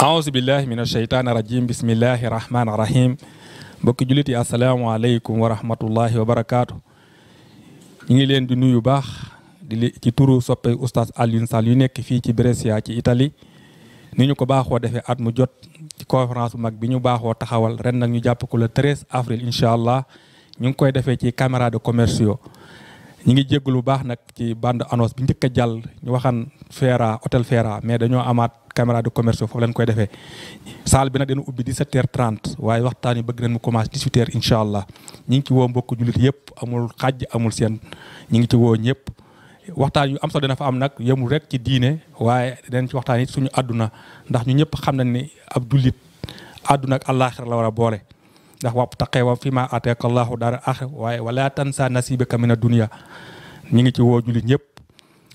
aousubillahi min asheytaan irajim bismillahi rahmaan rahim mbokki jullit yi asalaamaaleykum wa rahmatullahi wa barakaatu ñu ngi leen di nuyu baax di ci turu soppe oustaz Alioune Sall yu nekk fii ci Brescia ci itali ni ñu ko baaxoo defee at mu jot ci conférence bu mag bi ñu baaxoo taxawal ren nag ñu jàpp ko le 13 avril incha allah ñu ngi koy defee ci caméra de commercio ñu ngi jéggul bu baax nag ci band annonce bi njëkk a jàll ñu waxaan Fera hôtel Fera mais dañoo amaat caméra de commerce foofu leen koy defee saal bi nag dina ubbi 17h30 waaye waxtaan yi bëgg nañ mu commencé 18h incha allah ñu ngi ci woo mbokku jullit yëpp amul xàjj amul seen ñu ngi ci woo ñëpp. waxtaan yu am solo dina fa am nag yemul rek ci diine waaye dinañ ci waxtaan yi suñu àdduna ndax ñu ñëpp xam nañ ni ab jullit àdduna ak àllaaxira la war a boole. ndax wabtaqi wa fi ma ataka Allah dar akhir, waaye wala tansa nasibaka min dunia ñi ngi ci wo julit ñep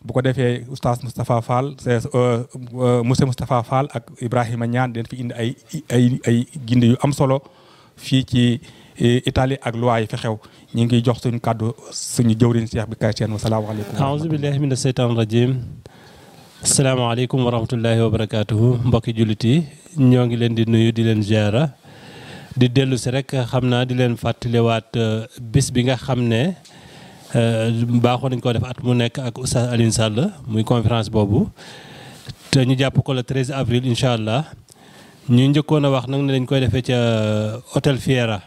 bu ko defé oustaz Moustapha Fall eh, eh, monsieur Moustapha Fall ak Ibrahima ñaan den fi indi ay ay ay gindi yu am solo fi ci eh, Italie ak loi yi fi xew ñi ngi jox suñu cadeau suñu jëwrin Cheikh bi kay seen alaykum a'udhu billahi min aseytaan rajim alaykum wa rahmatullahi wa barakatuhu mbokk juliti ñoo ngi leen di nuyu di leen ziarah di dellu si rek xam naa di leen fàttaliwaat euh, bis bi nga xam ne euh, baaxoo nañ ko def at mu nekk ak Oustaz Alioune Sall muy conférence boobu te ñu jàpp ko le 13 avril incha allah ñu njëkkoon a wax nag ne dañ koy defee ca euh, hôtel Fiera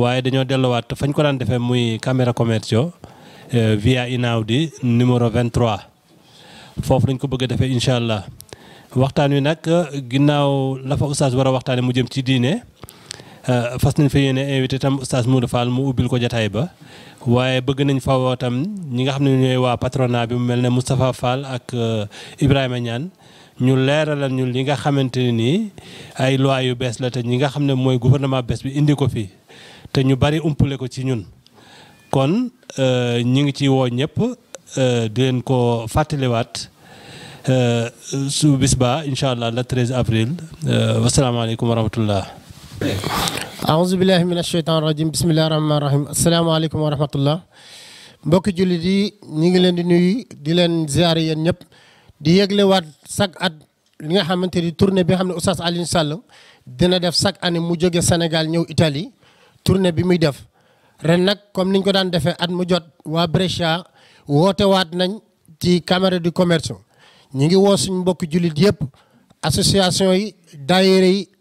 waaye dañoo delluwaat fañ ko daan defee muy caméra commercio via Inaudi numéro 23 foofu lañ ko bëgg a defee incha allah waxtaan wi nag ginnaaw la fa Oustaz war a waxtaanee mu jëm ci diine. Euh, fas nañ fa yéene invité tam oustaz Modou Fall mu ubbil ko jataay ba waaye bëgg nañ fawoo tam ñi nga xam ne ñooy waa patronat bi mu mel ne Moustapha Fall ak euh, Ibrahima ñaan ñu leeralal ñu li nga xamante ne nii ay loi yu bees la te ñi nga xam ne mooy gouvernement bees bi indi ko fii te ñu bari umpule ko ci ñun kon euh, ñi ngi ci woo ñëpp di leen ko fàttaliwaat su bis baa incha allah la 13 avril wasalaamaaleykum wa rahmatullah aouzu billahi min asheytaan rajim bismillahi rahmaani rahim asalaamaaleykum wa rahmatullah mbokki jullit yi ñi ngi leen di nuyu di leen ziar yéen ñëpp di yëglewaat chaque at li nga xamante ni tournée bi xam ne Oustaz Alioune Sall dina def chaque année mu jóge Sénégal ñëw itali tournée bi muy def ren nag comme niñ ko daan defee at mu jot waa Brescia woote waat nañ ci Camera di Commercio ñi ngi woo suñu mbokki jullit yëpp association yi daayira yi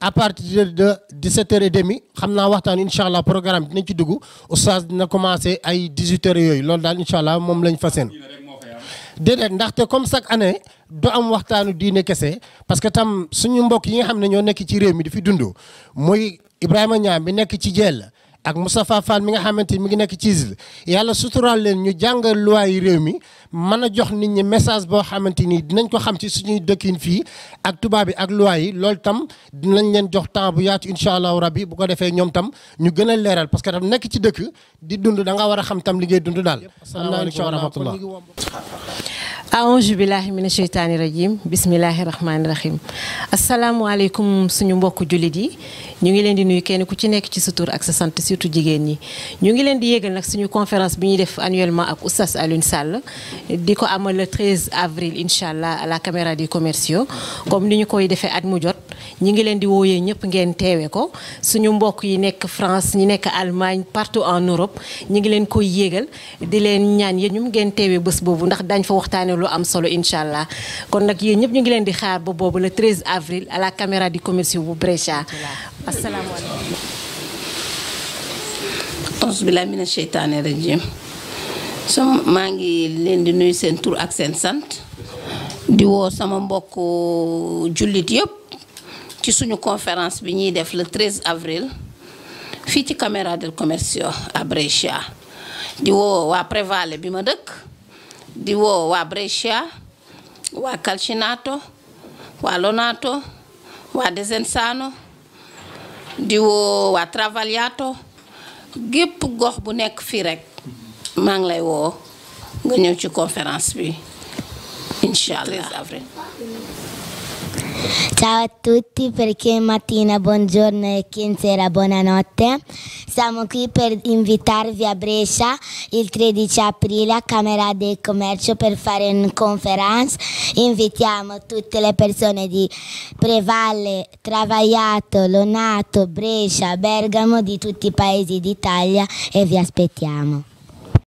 à partir de 17h30 xam naa waxtaan incha allah programme dinañ ci dugg oustaz dina commencé ay 18h yooyu loolu daal incha allah moom lañu fas yéene. déedéet ndaxte comme chaque année du am waxtaanu diine kese parce que tam suñu mbokk yi nga xam ne ñoo nekk ci réew mi di fi dund muy Ibrahima Niang bi nekk ci jeel ak Moustapha Fall mi nga xamante ni mi ngi nekk ci ISRA yàlla suturaal leen ñu jàngal luwaay yi réew mi mën a jox nit ñi message boo xamante ni dinañ ko xam ci suñuy dëkkin fii ak tubaab yi ak luwaay yi loolu tam dinañ leen jox temps bu yaatu incha allahu rabbi bu ko defee ñoom tam ñu gën a leeral parce que tam nekk ci dëkk di dund da nga war a xam tam li ngay dund daal. asalaamaaleykum wa rahmatullah aouzu billahi mina sheytaani rajim bismillahi rahmaani rahim asalaamualeykum suñu mbokk jullit yi ñu ngi leen di nuyu kenn ku ci nekk ci sa tur ak sa sant surtout jigéen ñi ñu ngi leen di yégal nag suñu conférence bi ñuy def annuellement ak oustaz Alioune Sall di ko amal le 13 avril incha allah à la caméra des comme ni ñu koy defee at mu jot ñu ngi leen di wooyee ñëpp ngeen teewe ko suñu mbokk yi nekk France ñu nekk Allemagne partout en Europe ñu ngi leen koy yéegal di leen ñaan yéen ñu ngeen teewee bës boobu ndax dañ fa waxtaanee lu am solo incha allah kon nag yéen ñëpp ñu ngi leen di xaar ba boobu le 13 avril à la caméra du commerciaux bu Brescia asalaamaaleykum asbilah mina sheytaani rajim so maa ngi leen di nuyu seen tur ak seen sant di woo sama mbokk jullit yëpp ci suñu conférence bi ñuy def le 13 avril fii ci Camera del Commercio a Brescia di woo waa Prevale bi ma dëkk di woo waa Brescia waa Calcinato waa Lonato waa Desenzano di woo waa Travagliato gip gox bu nekk fii rek maa ci conférence bi incha allah avril Ciao a tutti perché è mattina buongiorno e sera buonanotte. Siamo qui per invitarvi a Brescia il 13 aprile a Camera del Commercio per fare una conference. Invitiamo tutte le persone di Prevalle, Travagliato, Lonato, Brescia, Bergamo, di tutti i paesi d'Italia e vi aspettiamo.